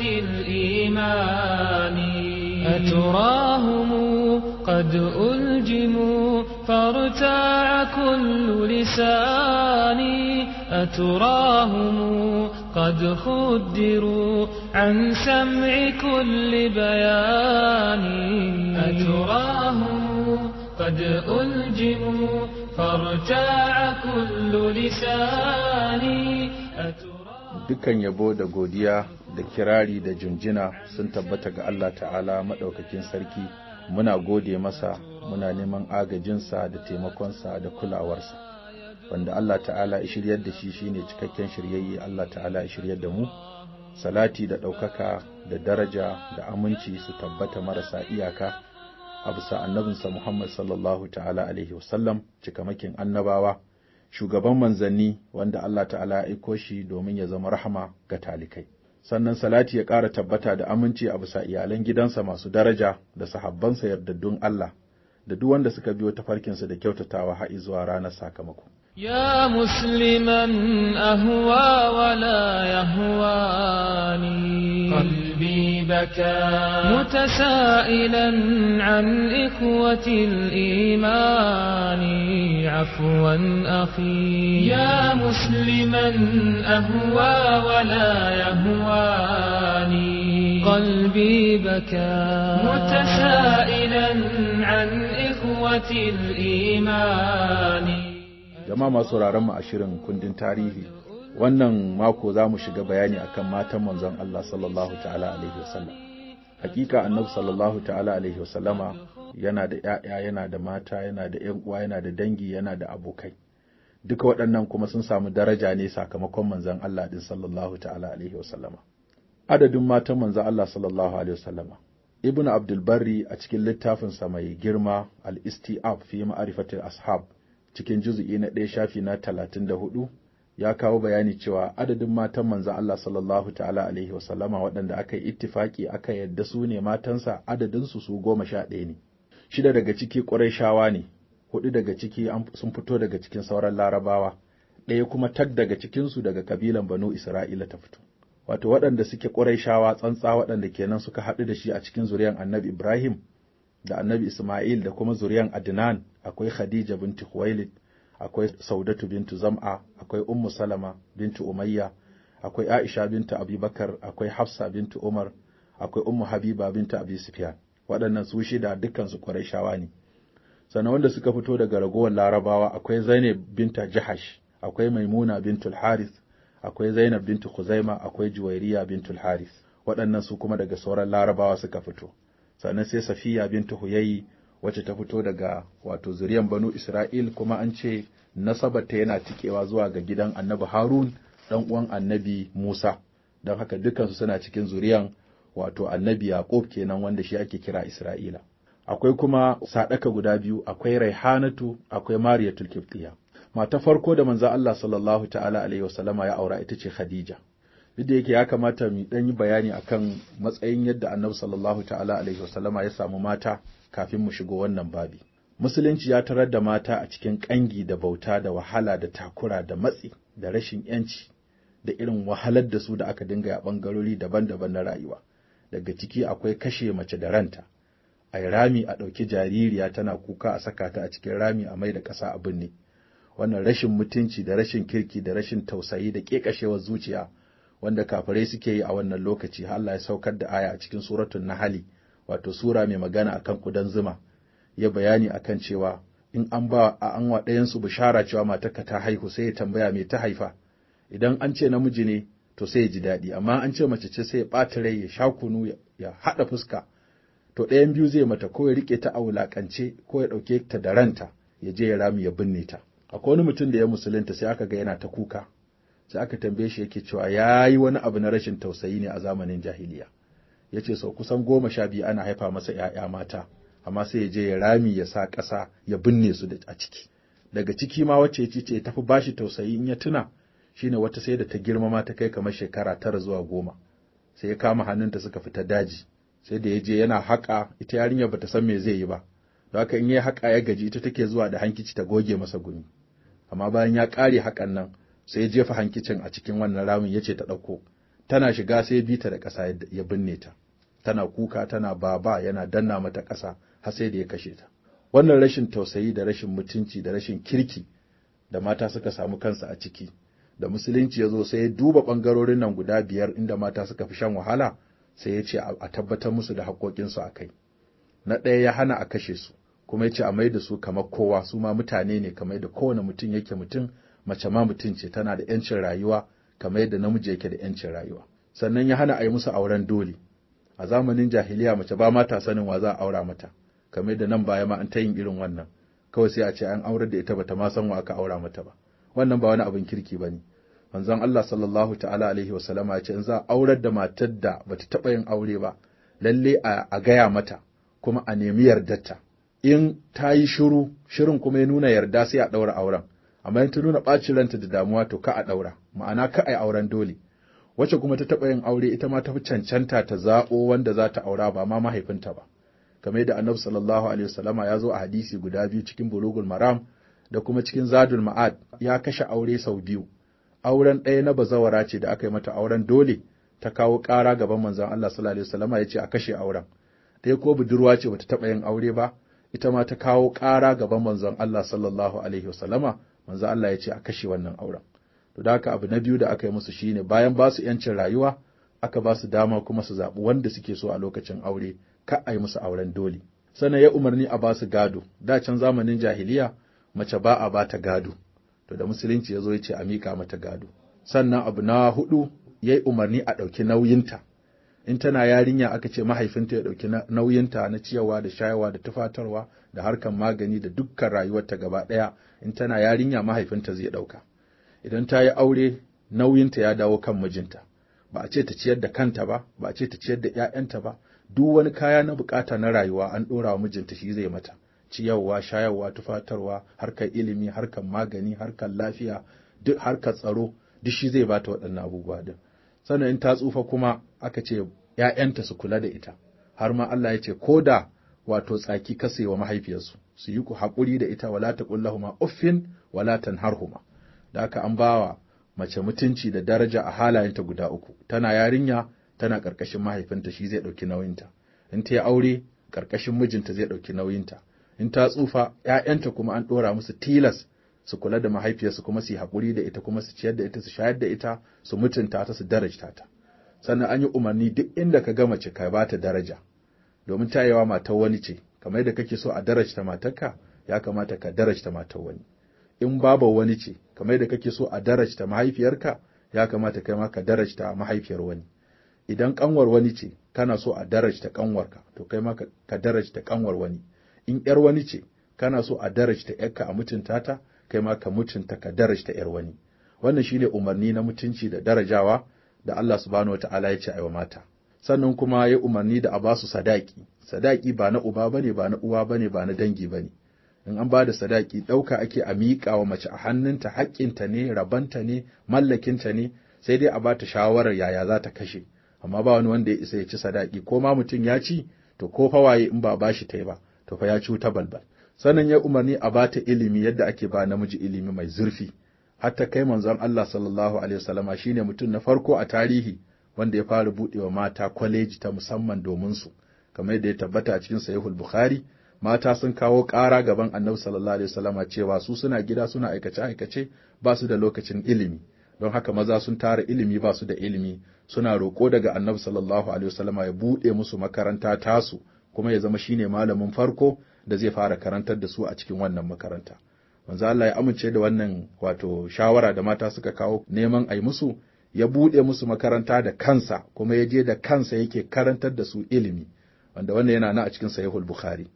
الإيمان أتراهم قد ألجموا فارتاع كل لسان أتراهم قد خدروا عن سمع كل بيان أتراهم قد ألجموا فارتاع كل لساني Dukan yabo da godiya da kirari da jinjina sun tabbata ga Allah ta'ala maɗaukakin sarki, muna gode masa, muna neman agajinsa da taimakonsa da kulawarsa. Wanda Allah ta'ala ya shiryar da shi shine cikakken shiryayye Allah ta'ala ya shiryar da mu, salati da ɗaukaka da daraja da aminci su tabbata marasa iyaka. a bisa annabinsa Muhammad sallallahu ta'ala alaihi wasallam cikamakin annabawa shugaban manzanni wanda Allah ta'ala ya aiko shi domin ya zama rahama ga talikai. Sannan salati ya ƙara tabbata da aminci a bisa iyalan gidansa masu daraja da sahabbansa yardaddun Allah da duk wanda suka biyo tafarkinsa da kyautatawa har zuwa ranar sakamako. Ya musliman ahuwa wala yahwani qalbi baka mutasailan an ikhwati al-imani afwan akhi ya musliman ahuwa wala yahwani qalbi baka mutasailan an قوة jama'a masu sauraron mu a shirin kundin tarihi wannan mako za mu shiga bayani akan matan manzon Allah sallallahu ta'ala alaihi wasallam hakika annabi sallallahu ta'ala alaihi wasallama yana da ƴaƴa yana da mata yana da ƴan uwa yana da dangi yana da abokai duka waɗannan kuma sun samu daraja ne sakamakon manzon Allah din sallallahu ta'ala alaihi wasallama adadin matan manzon Allah sallallahu alaihi wasallama Ibn Abdulbarri a cikin littafinsa mai girma Al-Isti'ab fi ma'arifatil ashab cikin juzu'i na ɗaya shafi na talatin da hudu ya kawo bayani cewa adadin matan manzan Allah sallallahu ta'ala alaihi waɗanda aka yi ittifaki aka yadda su ne matansa adadinsu su goma sha ɗaya ne shida daga ciki ƙurayshawa ne hudu daga ciki sun fito daga cikin sauran larabawa ɗaya kuma tak daga cikinsu daga kabilan banu isra'ila ta fito wato waɗanda suke ƙurayshawa tsantsa waɗanda kenan suka haɗu da shi a cikin zuriyar annabi Ibrahim da annabi Ismail da kuma zuriyar Adnan akwai Khadija binti Khuwailid akwai Saudatu bintu Zam'a akwai Ummu Salama bintu Umayya akwai Aisha bintu Abubakar akwai Hafsa bintu Umar akwai Ummu Habiba bintu Abi Sufyan waɗannan su shida dukkan su Qurayshawa ne sannan wanda suka fito daga ragowar Larabawa akwai Zainab binta Jahash akwai Maimuna bintul Harith akwai Zainab bintu Khuzaima akwai Juwairiya Bintu Haris waɗannan su kuma daga sauran Larabawa suka fito sannan sai Safiya bintu Huyayi wacce ta fito daga wato zuriyan Banu Isra'il kuma an ce nasabarta yana cikewa zuwa ga gidan Annabi Harun dan uwan Annabi Musa don haka dukansu suna cikin zuriyan wato Annabi Yaqub kenan wanda shi ake kira Isra'ila akwai kuma sadaka guda biyu akwai Raihanatu akwai Mariyatul Qibtiyya mata farko da manzan Allah sallallahu ta'ala alaihi wasallama ya aura ita ce Khadija duk da yake ya kamata mu dan yi bayani akan matsayin yadda Annabi sallallahu ta'ala alaihi wasallama ya samu mata kafin mu shigo wannan babi musulunci ya tarar da mata a cikin ƙangi da bauta da wahala da takura da matsi da rashin yanci da irin wahalar da su da aka dinga a bangarori daban-daban na rayuwa daga ciki akwai kashe mace da ranta a rami a ɗauki jaririya tana kuka a saka ta a cikin rami a mai da ƙasa a binne wannan rashin mutunci da rashin kirki da rashin tausayi da ƙeƙashewar zuciya wanda kafirai suke yi a wannan lokaci har Allah ya saukar da aya a cikin suratul nahali wato sura mai magana akan kudan zuma ya bayani akan cewa in an ba a an wa su bishara cewa matarka ta haihu sai ya tambaya me ta haifa idan an ce namiji ne to sai ya ji daɗi amma an ce mace ce sai ya ɓata rai ya sha kunu ya haɗa fuska to ɗayan biyu zai mata ko ya riƙe ta a wulaƙance ko ya ɗauke ta da ranta ya je ya rami ya binne ta akwai wani mutum da ya musulunta sai aka ga yana ta kuka sai aka tambaye shi yake cewa ya yi wani abu na rashin tausayi ne a zamanin jahiliya ya ce sau kusan goma sha biyu ana haifa masa ‘ya'ya mata amma sai ya je ya rami ya sa ƙasa ya binne su a ciki daga ciki ma wacce ya ce tafi bashi tausayi in ya tuna Shi ne wata sai da ta girma ma ta kai kamar shekara tara zuwa goma sai ya kama hannunta suka fita daji sai da ya je yana haƙa ita yarinya bata san me zai yi ba don haka in ya haƙa ya gaji ita take zuwa da hankici ta goge masa gumi amma bayan ya ƙare hakan nan sai ya jefa hankicin a cikin wannan ramin ya ce ta ɗauko tana shiga sai ya bi ta da ƙasa ya binne ta tana kuka tana baba yana danna mata ƙasa har sai da ya kashe ta wannan rashin tausayi da rashin mutunci da rashin kirki da mata suka samu kansa a ciki da musulunci ya zo sai ya duba ɓangarorin nan guda biyar inda mata suka fi shan wahala sai ya ce a tabbatar musu da haƙoƙinsu a kai na ɗaya ya hana a kashe su kuma ya ce a mai da su kamar kowa su ma mutane ne kamar da kowane mutum yake mutum mace ma mutum ce tana da ‘yancin rayuwa kamar yadda namiji yake da ‘yancin rayuwa sannan ya hana a yi musu auren dole a zamanin jahiliya mace ba mata sanin wa za a aura mata kamar da nan baya ma an ta yin irin wannan kawai sai a ce an aurar da ita bata ma san wa aka aura mata ba wannan ba wani abin kirki ba ne manzon Allah sallallahu ta'ala alaihi wa sallama ya ce in za a aurar da matar da bata taɓa yin aure ba lalle a gaya mata kuma a nemi yardarta in ta yi shiru shirin kuma ya nuna yarda sai a ɗaura auren amma in ta nuna ɓacin ranta da damuwa to ka a ɗaura ma'ana ka a auren dole wacce kuma ta taɓa yin aure ita ma ta fi cancanta ta zaɓo wanda za ta aura ba ma mahaifinta ba kamar yadda annabi sallallahu alaihi wasallama ya zo a hadisi guda biyu cikin bulugul maram da kuma cikin zadul ma'ad ya kashe aure sau biyu auren ɗaya na bazawara ce da aka yi mata auren dole ta kawo ƙara gaban manzon Allah sallallahu alaihi wasallama ya ce a kashe auren ɗaya ko budurwa ce bata taɓa yin aure ba ita ma ta kawo ƙara gaban manzon Allah sallallahu alaihi wasallama manzon Allah ya ce a kashe wannan auren to da haka abu na biyu da aka yi musu shine bayan ba su yancin rayuwa aka ba su dama kuma su zaɓi wanda suke so a lokacin aure ka a yi musu auren dole sannan ya umarni a ba su gado da can zamanin jahiliya mace ba a ba ta gado to da musulunci ya zo ya ce a mika mata gado sannan abu na hudu ya yi umarni a ɗauki nauyinta in tana yarinya aka ce mahaifinta ya ɗauki nauyinta na ciyawa da shayarwa da tufatarwa da harkar magani da dukkan rayuwarta gaba ɗaya in tana yarinya mahaifinta zai ɗauka idan ta yi aure nauyinta ya dawo kan mijinta ba a ce ta ciyar da kanta ba ba a ce ta ciyar da 'ya'yanta ba duk wani kaya na bukata na rayuwa an ɗora wa mijinta shi zai mata ciyarwa shayarwa tufatarwa harkar ilimi harkar magani harkar lafiya duk harkar tsaro duk shi zai bata waɗannan abubuwa din sannan in ta tsufa kuma aka ce ‘ya'yanta su kula da ita, har ma Allah ya ce, ko da wato tsaki wa mahaifiyarsu, su yi haƙuri da ita wala ta huma uffin wala tan huma. Da aka an bawa mace mutunci da daraja a halayenta guda uku, tana yarinya, tana ƙarƙashin mahaifinta shi zai ɗauki nauyinta, in ta yi aure ƙarƙashin mijinta zai ɗauki nauyinta, in ta tsufa ‘ya'yanta kuma an ɗora musu tilas su kula da mahaifiyarsu kuma su yi haƙuri da ita kuma su ciyar da ita su shayar da ita su mutunta ta su darajta ta. sannan an yi umarni duk inda ka gama ce ka ba ta daraja domin tayewa matar wani ce kamar yadda kake so a darajta matarka ya kamata ka darajta matar wani in baba wani ce kamar yadda kake so a darajta mahaifiyarka ya kamata kai ma ka darajta mahaifiyar wani idan kanwar wani ce kana so a darajta kanwarka to kai ma ka darajta kanwar wani in yar wani ce kana so a darajta yarka a mutunta ta kai ma ka mutunta ka darajta yar wani wannan shine umarni na mutunci da darajawa da Allah subhanahu ta'ala ya ce aiwa mata sannan kuma ya umarni da a ba su sadaki sadaki ba na uba bane ba na uwa bane ba na dangi bane in an ba da sadaki ɗauka ake a miƙa wa mace a hannunta haƙƙinta ne rabanta ne mallakinta ne sai dai a ba ta shawarar yaya za ta kashe amma ba wani wanda ya isa ya ci sadaki ko ma mutum ya ci to ko fa waye in ba ba shi ta ba to fa ya ci ta balbal sannan ya umarni a ba ta ilimi yadda ake ba namiji ilimi mai zurfi har ta kai manzon Allah sallallahu alaihi wasallama shine mutum na farko a tarihi wanda ya fara buɗewa mata kwaleji ta musamman domin su kamar yadda ya tabbata a cikin sahihul bukhari mata sun kawo ƙara gaban annabi sallallahu alaihi wasallama cewa su suna gida suna aikace aikace ba su da lokacin ilimi don haka maza sun tara ilimi ba su da ilimi suna roƙo daga annabi sallallahu alaihi wasallama ya buɗe musu makaranta tasu kuma ya zama shine malamin farko da zai fara karantar da su a cikin wannan makaranta manzo Allah ya amince da wannan wato shawara da mata suka kawo neman a yi musu ya buɗe musu makaranta da kansa kuma ya je da kansa yake karantar da su ilimi wanda wannan yana na a cikin sahihul bukhari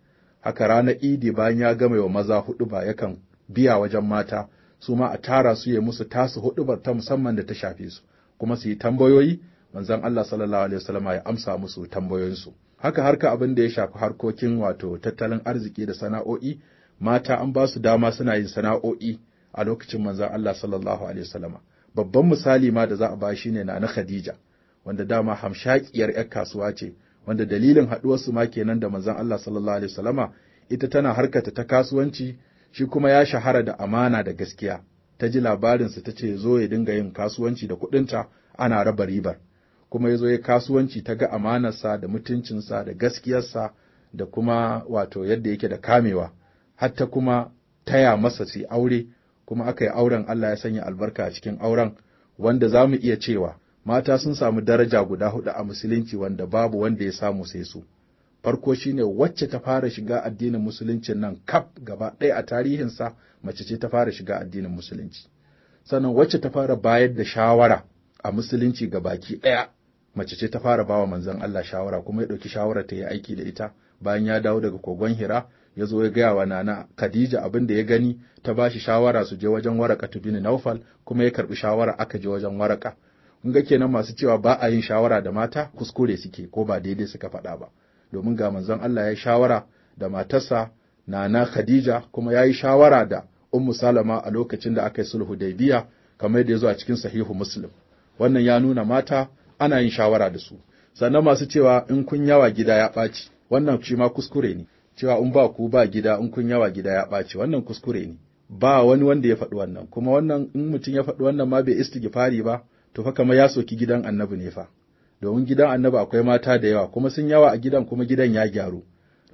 haka ranar idi bayan ya gama wa maza hudu ba yakan biya wajen mata su ma a tara su ya musu tasu huɗubar ta musamman da ta shafe su kuma su yi tambayoyi manzon Allah sallallahu alaihi wasallam ya amsa musu tambayoyinsu haka harka abin da ya shafi harkokin wato tattalin arziki da sana'o'i mata an ba su dama suna yin sana'o'i a lokacin manzon Allah sallallahu alaihi wasallama babban misali ma da za a ba shi ne na Khadija wanda dama hamshakiyar ƴar kasuwa ce wanda dalilin su ma kenan da manzon Allah sallallahu alaihi wasallama ita tana harkata ta kasuwanci shi kuma ya shahara da amana da gaskiya ta ji labarinsa ta ce zo ya dinga yin kasuwanci da kuɗinta ana raba ribar kuma ya zo ya kasuwanci ta ga amanarsa da mutuncinsa da gaskiyarsa da kuma wato yadda yake da kamewa Hatta kuma taya masa su aure kuma aka yi auren Allah ya sanya albarka a cikin auren wanda za mu iya cewa mata sun samu daraja guda hudu a musulunci wanda babu wanda ya samu sai su farko shi ne wacce ta fara shiga addinin musulunci nan kaf gaba ɗaya a tarihinsa mace ce ta fara shiga addinin musulunci sannan wacce ta fara bayar da shawara a musulunci ga baki ɗaya mace ce ta fara bawa manzon Allah shawara kuma ya ɗauki shawara ta yi aiki da ita bayan ya dawo daga kogon Hira ya zo ya gaya wa nana Khadija abin da ya gani ta bashi shawara su je wajen waraka bin Naufal kuma ya karbi shawara aka je wajen waraka kun ga kenan masu cewa ba a yin shawara da mata kuskure suke ko ba daidai suka faɗa ba domin ga manzon Allah ya yi shawara da matarsa nana Khadija kuma ya yi shawara da Ummu Salama a lokacin da aka yi sulhu Hudaybiya kamar da ya zo a cikin Sahihu Muslim wannan ya nuna mata ana yin shawara da su sannan masu cewa in kun yawa gida ya ɓaci wannan shi ma kuskure ne cewa in ba ku ba gida in kun yawa gida ya ɓaci wannan kuskure ne ba wani wanda ya faɗi wannan kuma wannan in mutum ya faɗi wannan ma bai istighfari ba to fa kamar ya soki gidan annabi ne fa domin gidan annabi akwai mata da yawa kuma sun yawa a gidan kuma gidan ya gyaru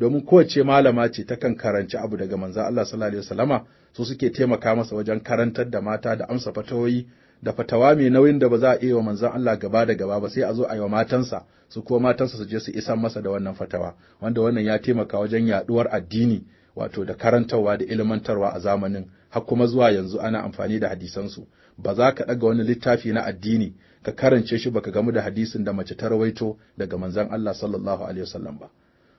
domin kowace malama ce takan karanci abu daga manzo Allah sallallahu alaihi wasallama su suke taimaka masa wajen karantar da mata da amsa fatawoyi da fatawa mai nauyin da ba za a iya wa manzon Allah gaba da gaba ba sai a zo a yi wa matansa su kuma matansa su je su isan masa da wannan fatawa wanda wannan ya taimaka wajen yaduwar addini wato da karantarwa da ilmantarwa a zamanin har kuma zuwa yanzu ana amfani da hadisansu ba za ka ɗaga wani littafi na addini ka karance shi baka gamu da hadisin da mace ta rawaito daga manzon Allah sallallahu alaihi wasallam ba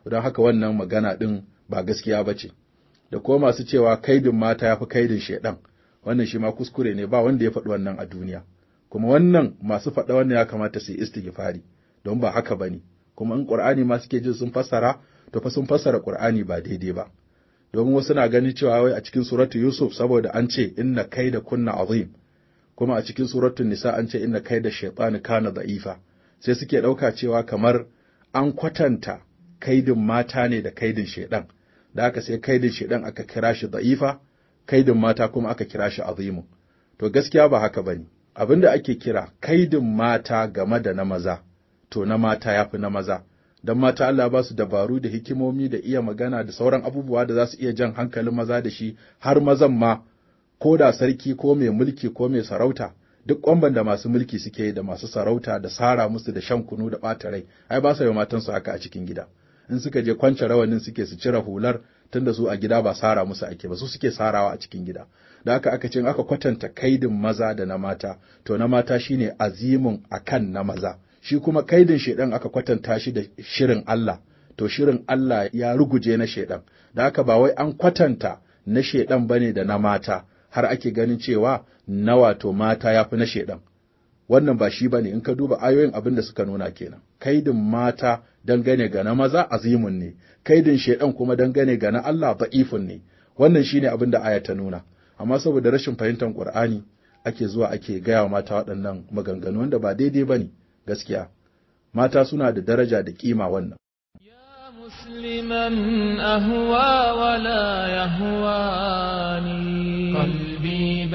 don haka wannan magana ɗin ba gaskiya ba ce da kuma masu cewa kaidin mata ya fi kaidin shaiɗan wannan shi ma kuskure ne ba wanda ya faɗi wannan a duniya kuma wannan masu faɗa wannan ya kamata su yi istighfari don ba haka bane kuma in Qur'ani ma suke jin sun fassara to fa sun fassara Qur'ani ba daidai ba domin wasu na ganin cewa wai a cikin suratu Yusuf saboda an ce inna kaida kunna azim kuma a cikin suratu Nisa an ce inna kaida shaytani kana da'ifa sai suke ɗauka cewa kamar an kwatanta kaidin mata ne da kaidin shaidan da aka sai kaidin shaidan aka kira shi da'ifa kaidin mata kuma aka kira shi azimu to gaskiya ba haka bane abin da ake kira kaidin mata game da na maza to na mata yafi na maza dan mata Allah ba su dabaru da hikimomi da iya magana da sauran abubuwa da za su iya jan hankalin maza da shi har mazan ma ko da sarki ko mai mulki ko mai sarauta duk ƙwamban da masu mulki suke da masu sarauta da sara musu da shan kunu da ɓata rai ai ba su yi matansu haka a cikin gida in suka je kwance rawanin suke su cire hular tunda su a gida ba sara musu ake ba su suke sarawa a cikin gida da haka aka ce aka kwatanta kaidin maza da na mata to na mata shine azimun akan na maza shi kuma kaidin shedan aka kwatanta shi da shirin Allah to shirin Allah ya ruguje na shedan da haka ba wai an kwatanta na shedan bane da na mata har ake ganin cewa na wato mata yafi na shedan wannan ba shi bane in ka duba ayoyin abin da suka nuna kenan kaidin mata dangane ga na maza azimun ne kaidin shaidan kuma dangane ga na Allah ba'ifin ne wannan shine abin da aya ta nuna amma saboda rashin fahimtar Qur'ani ake zuwa ake gaya wa mata waɗannan maganganu wanda ba daidai bane gaskiya mata suna da daraja da ƙima wannan مسلما أهوى ولا يهواني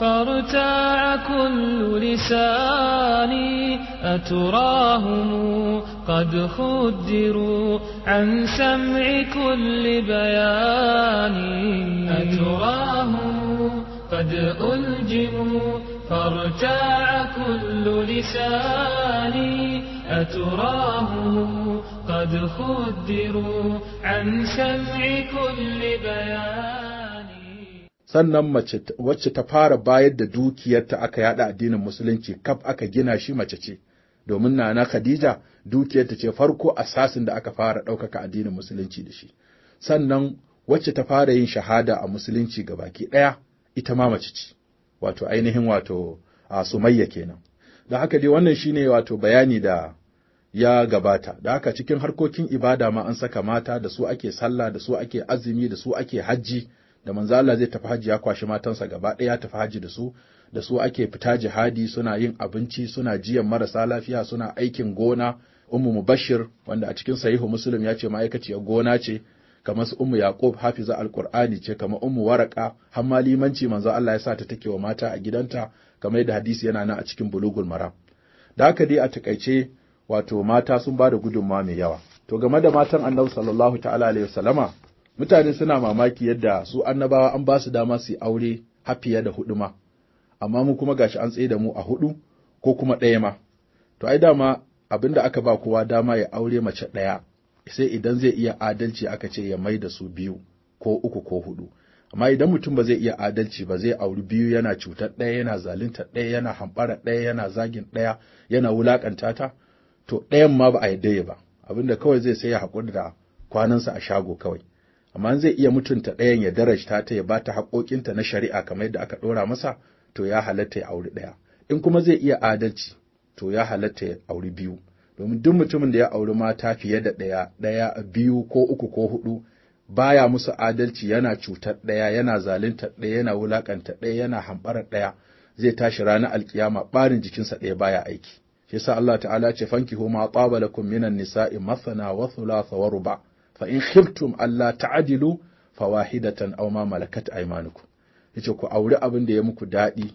فارتاع كل لساني أتراهم قد خدروا عن سمع كل بياني أتراهم قد ألجموا فارتاع كل لساني أتراهم قد خدروا عن سمع كل بياني sannan mace wacce ta fara bayar da dukiyarta aka yada addinin musulunci kaf aka gina shi mace ce domin nana Khadija dukiyarta ce farko asasin da aka fara ɗaukaka addinin musulunci da shi sannan wacce ta fara yin shahada a musulunci ga baki ɗaya ita ma mace ce wato ainihin wato a sumayya kenan da haka dai wannan shine wato bayani da ya gabata da haka cikin harkokin ibada ma an saka mata da su ake sallah da su ake azumi da su ake hajji da manzo Allah zai tafi haji ya kwashi matansa gaba ɗaya tafi haji da su da su ake fita jihadi suna yin abinci suna jiyan marasa lafiya suna aikin gona ummu mubashir wanda a cikin sahihu muslim ya ce ma'aikaciyar gona ce kamar su ummu yaqub hafiza alqur'ani ce kamar ummu waraka har ma limanci manzo Allah ya sa ta take wa mata a gidanta kamar yadda hadisi yana nan a cikin bulugul maram da haka dai a takaice wato mata sun ba da gudunmawa mai yawa to game da matan annabi sallallahu ta'ala alaihi wasallama mutane suna mamaki yadda su annabawa an ba su dama su yi aure hafiya da hudu ma amma mu kuma gashi an tsaye da mu a hudu ko kuma ɗaya ma to ai dama abin da aka ba kowa dama ya aure mace ɗaya sai idan zai iya adalci aka ce ya mai da su biyu ko uku ko hudu amma idan mutum ba zai iya adalci ba zai auri biyu yana cutar ɗaya yana zalunta ɗaya yana hambara ɗaya yana zagin ɗaya yana wulakanta ta to ɗayan ma ba a yadda ba abinda kawai zai sai ya haƙuri da kwanansa a shago kawai amma zai iya mutunta ɗayan ya darajta ta ya ba ta haƙoƙinta na shari'a kamar yadda aka ɗora masa to ya halatta ya auri ɗaya in kuma zai iya adalci to ya halatta ya auri biyu domin duk mutumin da ya auri mata fiye da ɗaya ɗaya biyu ko uku ko huɗu baya musu adalci yana cutar ɗaya yana zaluntar ɗaya yana wulaƙanta ɗaya yana hamɓarar ɗaya zai tashi ranar alkiyama ɓarin jikinsa ɗaya baya aiki shi yasa Allah ta'ala ce fankihu ma taba lakum minan nisa'i mathana wa thulatha wa ruba' fa in khiftum Allah ta'adilu fawahidatan aw ma malakat aymanukum yace ku auri abin da ya muku daɗi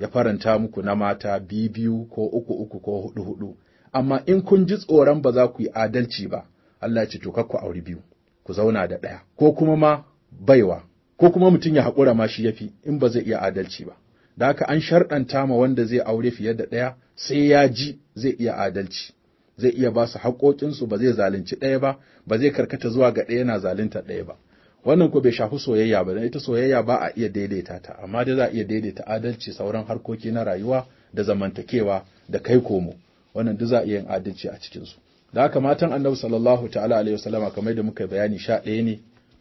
ya faranta muku na mata biyu ko uku uku ko hudu hudu amma in kun ji tsoron ba za ku yi adalci ba Allah ya ce to ku auri biyu ku zauna da ɗaya ko kuma ma baiwa ko kuma mutum ya haƙura ma shi yafi in ba zai iya adalci ba da haka an sharɗanta ma wanda zai aure fiye da ɗaya sai ya ji zai iya adalci zai iya ba su haƙoƙinsu ba zai zalunci ɗaya ba ba zai karkata zuwa ga ɗaya yana zalunta ɗaya ba wannan ko bai shafi soyayya ba ita soyayya ba a iya daidaita ta amma dai za a iya daidaita adalci sauran harkoki na rayuwa da zamantakewa da kai komo wannan duk za a iya yin adalci a cikin su da haka matan annabi sallallahu ta'ala alaihi wasallama kamar da muka bayani sha ɗaya ne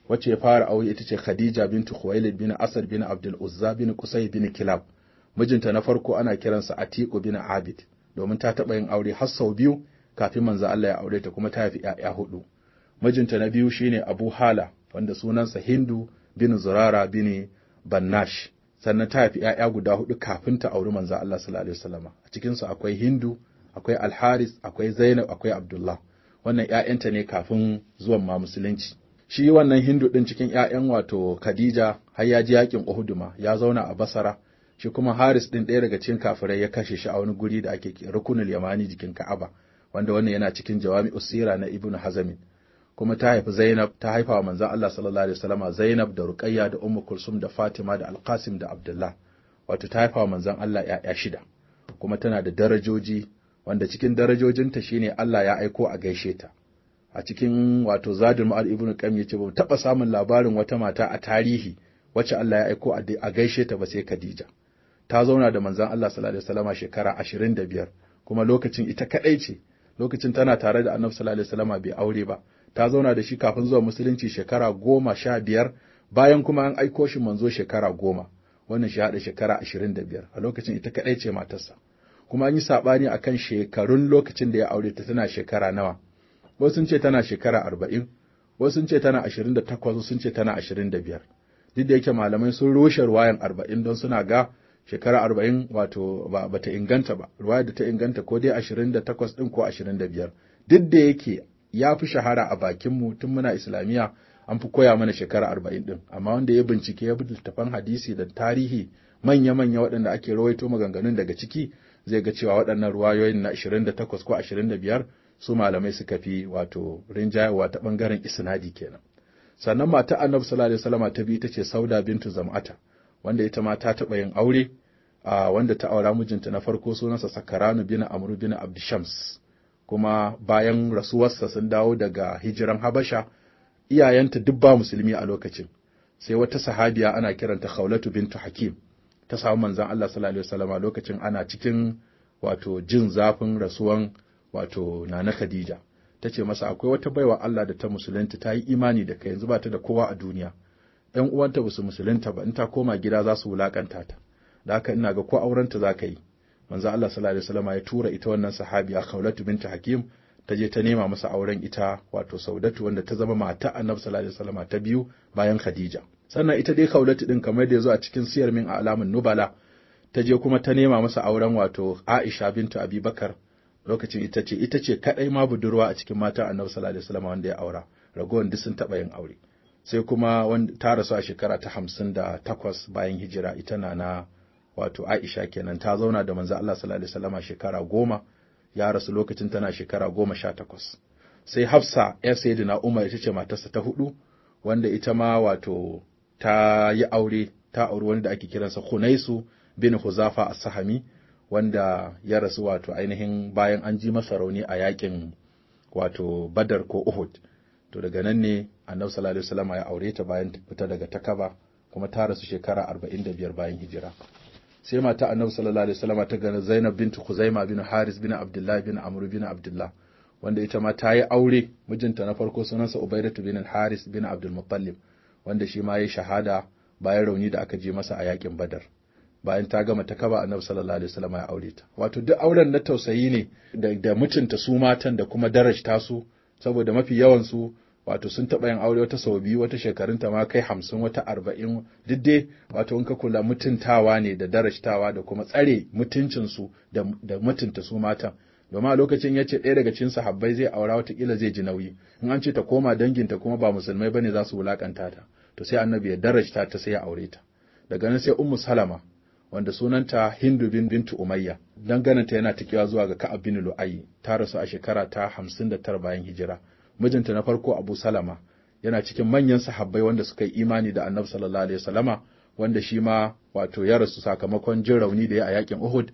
wacce ya fara aure ita ce Khadija bintu Khuwailid bin Asad bin Abdul Uzza bin Qusay bin Kilab mijinta na farko ana kiransa Atiku bin Abid domin ta taɓa yin aure har sau biyu kafin manzo Allah ya aure ta kuma ta haifi ‘ya'ya hudu. Mijinta na biyu shine Abu Hala, wanda sunansa Hindu bin Zurara bin Bannash. Sannan ta haifi ‘ya'ya guda hudu kafin ta auri manzo Allah sallallahu alaihi wasallam. A cikinsu akwai Hindu, akwai Alharis, akwai Zainab, akwai Abdullah. Wannan ‘ya'yanta ne kafin zuwan ma musulunci. Shi wannan Hindu ɗin cikin ‘ya'yan wato Khadija har ya ji yaƙin Uhud ma ya zauna a Basara. Shi kuma Haris ɗin ɗaya daga cikin kafirai ya kashe shi a wani guri da ake rukunul yamani jikin Ka'aba. wanda wannan yana cikin jawami usira na Ibnu hazamin kuma ta haifi zainab ta haifa wa manzon Allah sallallahu alaihi wasallama zainab da ruqayya da ummu kulsum da fatima da alqasim da abdullah wato ta haifa wa manzon Allah ƴaƴa shida kuma tana da darajoji wanda cikin darajojinta shine Allah ya aiko a gaishe ta a cikin wato zadul ma'al ibnu qayyim yace ba taba samun labarin wata mata a tarihi wacce Allah ya aiko a gaishe ta ba sai Khadija ta zauna da manzon Allah sallallahu alaihi wasallama shekara 25 kuma lokacin ita kadai ce lokacin tana tare da annabi sallallahu alaihi bai aure ba ta zauna da shi kafin zuwa musulunci shekara goma sha biyar bayan kuma an aiko shi manzo shekara goma wannan shi haɗa shekara ashirin da biyar a lokacin ita kaɗai ce matarsa kuma an yi saɓani a kan shekarun lokacin da ya aure ta tana shekara nawa wasu sun ce tana shekara arba'in wasu sun ce tana ashirin da takwas sun ce tana ashirin da biyar duk da yake malamai sun rushe ruwayan arba'in don suna ga shekara arba'in wato ba ta inganta ba ruwaya da ta inganta ko dai ashirin da takwas ɗin ko ashirin da biyar duk da yake ya fi shahara a bakin mu tun muna islamiyya an fi koya mana shekara arba'in ɗin amma wanda ya bincike ya bi littafan hadisi da tarihi manya-manya waɗanda ake rawaito maganganun daga ciki zai ga cewa waɗannan ruwayoyin na ashirin da takwas ko ashirin da biyar su malamai suka fi wato rinjayewa ta ɓangaren isnadi kenan sannan mata annabi sallallahu alaihi wasallama ta biyu ta ce sauda bintu zam'ata wanda ita ma ta taɓa yin aure a wanda ta aura mijinta na farko sunansa Sakaranu bin amru bin Abdishams kuma bayan rasuwarsa sun dawo daga hijiran Habasha iyayenta duk ba musulmi a lokacin sai wata sahabiya ana kiranta Khawlatu bintu Hakim ta samu manzon Allah sallallahu alaihi wasallam lokacin ana cikin wato jin zafin rasuwan wato Nana Khadija ta ce masa akwai wata baiwa Allah da ta musulunta ta yi imani da kai yanzu ba ta da kowa a duniya 'yan uwanta ba su musulunta ba in ta koma gida za su wulaƙanta ta da haka ina ga ko aurenta za ka yi manzo Allah sallallahu alaihi wasallam ya tura ita wannan sahabiya Khawlatu binta Hakim ta je ta nema masa auren ita wato Saudatu wanda ta zama mata Annabi sallallahu alaihi ta biyu bayan Khadija sannan ita dai Khawlatu din kamar da yazo a cikin siyar min a alamun nubala ta je kuma ta nema masa auren wato Aisha bintu Abi lokacin ita ce ita ce kadai ma budurwa a cikin mata Annabi sallallahu alaihi wanda ya aura ragowar duk sun taɓa yin aure sai kuma ta rasu a shekara ta hamsin da takwas bayan hijira ita na na wato Aisha kenan ta zauna da manzo Allah sallallahu alaihi wasallama shekara goma ya rasu lokacin tana shekara goma sha takwas sai Hafsa ya sayyidina Umar ita ce matarsa ta hudu wanda ita ma wato ta yi aure ta auri wani da ake kiransa Hunaisu bin Huzafa a sahami wanda ya rasu wato ainihin bayan an ji masa rauni a yakin wato Badar ko Uhud to daga nan ne annabi sallallahu alaihi wasallam ya aure ta bayan fita daga takaba kuma ta rasu shekara 45 bayan hijira sai mata annabi sallallahu alaihi wasallam ta ga Zainab bint Khuzaima bin Haris bin Abdullah bin Amr bin Abdullah wanda ita ma ta yi aure mijinta na farko sunansa Ubaidatu bin Haris bin Abdul Muttalib wanda shi ma ya shahada bayan rauni da aka je masa a yakin Badar bayan ta gama takaba annabi sallallahu alaihi wasallam ya aure ta wato duk auren na tausayi ne da, da mutunta su matan da kuma darajta su saboda mafi yawan su wato sun taɓa yin aure wata sau biyu wata shekarun ta ma kai hamsin wata arba'in duk wato in ka kula mutuntawa ne da darashtawa da kuma tsare mutuncinsu da, da mutunta su matan domin a lokacin ya ce ɗaya daga cikin sahabbai zai aura watakila zai ji nauyi in an ce ta koma danginta kuma ba musulmai ba ne za su wulaƙanta ta to sai annabi ya darajta ta sai ya aure ta daga nan sai ummu salama wanda sunanta hindu bin bintu umayya dangananta yana tikiwa zuwa ga ka'ab bin lu'ayi ta rasu a shekara ta hamsin da tara bayan hijira mijinta na farko Abu Salama yana cikin manyan sahabbai wanda suka yi imani da Annabi sallallahu alaihi wasallama wanda shi ma wato ya rasu sakamakon jin rauni da ya a yakin Uhud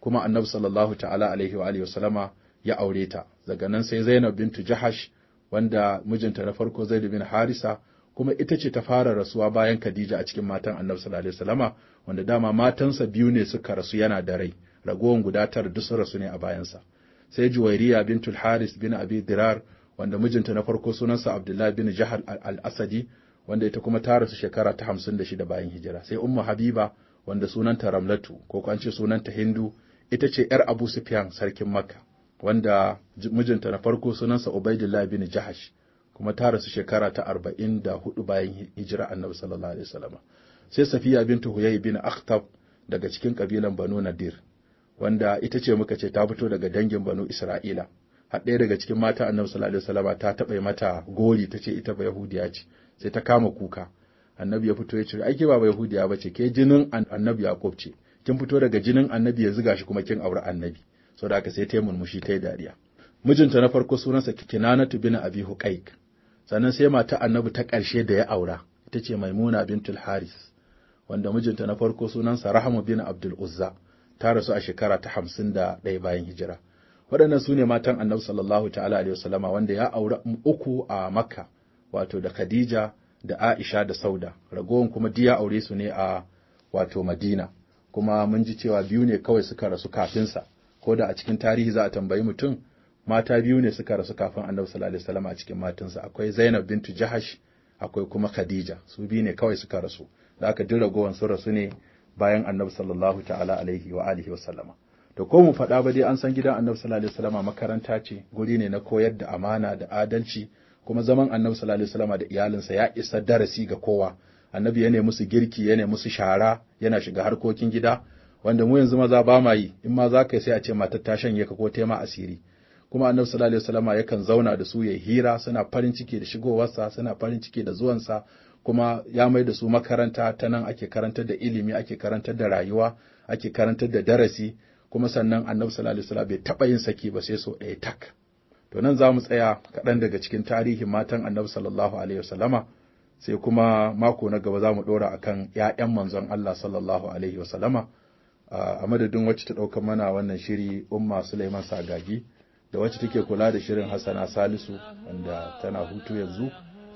kuma Annabi sallallahu ta'ala alaihi wa alihi wasallama ya aure ta daga nan sai Zainab bintu Jahash wanda mijinta na farko Zaid bin Harisa kuma ita ce ta fara rasuwa bayan Khadija a cikin matan Annabi sallallahu alaihi wasallama wanda dama matansa biyu ne suka rasu yana da rai ragowan gudatar tara duk rasu ne a bayansa sai Juwairiya bintul Haris bin Abi Dirar wanda mijinta na farko sunansa Abdullahi bin Jahal al-Asadi wanda ita kuma ta rasu shekara ta hamsin da shida bayan hijira sai Ummu Habiba wanda sunanta Ramlatu ko ko an ce sunanta Hindu ita ce ‘yar Abu Sufyan sarkin Makka, wanda mijinta na farko sunansa Ubaidullah bin Jahash, kuma ta rasu shekara ta arba'in da hudu bayan hijira annabi sallallahu alaihi wasallam. Sai Safiya bintu Huyay bin Akhtab daga cikin kabilan Banu Nadir, wanda ita ce muka ce ta fito daga dangin Banu Isra'ila, har ɗaya daga cikin mata annabi sallallahu alaihi wasallam ta taɓa mata gori ta ce ita ba yahudiya ce sai ta kama kuka annabi ya fito ya ce ai ke ba yahudiya ba ce ke jinin annabi yaqub ce kin fito daga jinin annabi ya zuga shi kuma kin aure annabi saboda haka sai ta yi murmushi ta yi dariya mijinta na farko sunansa kinanatu bin abi huqaik sannan sai mata annabi ta ƙarshe da ya aura ita ce maimuna bintul haris wanda mijinta na farko sunansa Rahama bin abdul uzza ta rasu a shekara ta hamsin da ɗaya bayan hijira waɗannan su ne matan annabi sallallahu ta'ala alaihi wasallama wanda ya auri uku a makka wato da khadija da aisha da sauda ragowan kuma diya aure su ne a wato madina kuma mun ji cewa biyu ne kawai suka rasu kafinsa ko da a cikin tarihi za a tambayi mutum mata biyu ne suka rasu kafin annabi sallallahu alaihi wasallama a cikin matansa akwai zainab bintu jahash akwai kuma khadija su biyu ne kawai suka rasu da aka duk ragowan sun rasu ne bayan annabi sallallahu ta'ala alaihi wa alihi wasallama da ko mu faɗa ba dai an san gidan annabi sallallahu alaihi wasallama makaranta ce guri ne na koyar da amana da adalci kuma zaman annabi sallallahu alaihi wasallama da iyalinsa ya isa darasi ga kowa annabi ya ne musu girki ya musu shara yana shiga harkokin gida wanda mu yanzu maza ba ma yi in ma za ka yi sai a ce matar ta shanye ka ko tema asiri kuma annabi sallallahu alaihi wasallama yakan zauna da su ya hira suna farin ciki da shigowarsa suna farin ciki da zuwansa kuma ya mai da su makaranta ta nan ake karantar da ilimi ake karantar da rayuwa ake karantar da darasi kuma sannan annabi sallallahu alaihi wasallam bai taɓa yin saki ba sai sau ɗaya tak to nan za mu tsaya kaɗan daga cikin tarihin matan annabi sallallahu alaihi wasallama sai kuma mako na gaba za mu ɗora akan ƴaƴan manzon Allah sallallahu alaihi wasallama a madadin wacce ta ɗauka mana wannan shiri umma Suleiman Sagagi da wacce take kula da shirin Hassana Salisu wanda tana hutu yanzu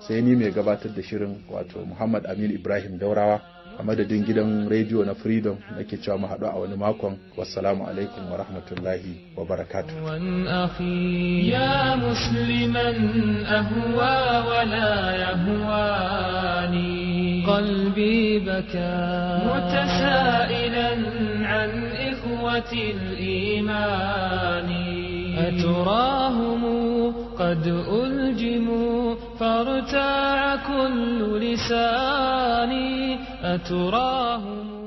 sai ni mai gabatar da shirin wato Muhammad Aminu Ibrahim Daurawa a madadin gidan rediyo na Freedom nake cewa mu haɗu a wani makon wassalamu alaikum wa rahmatullahi wa barakatuh ya musliman ahwa wa la yahwani qalbi baka mutasailan an ikhwati al-iman aturahum قد ألجموا فارتاع كل لساني أتراهم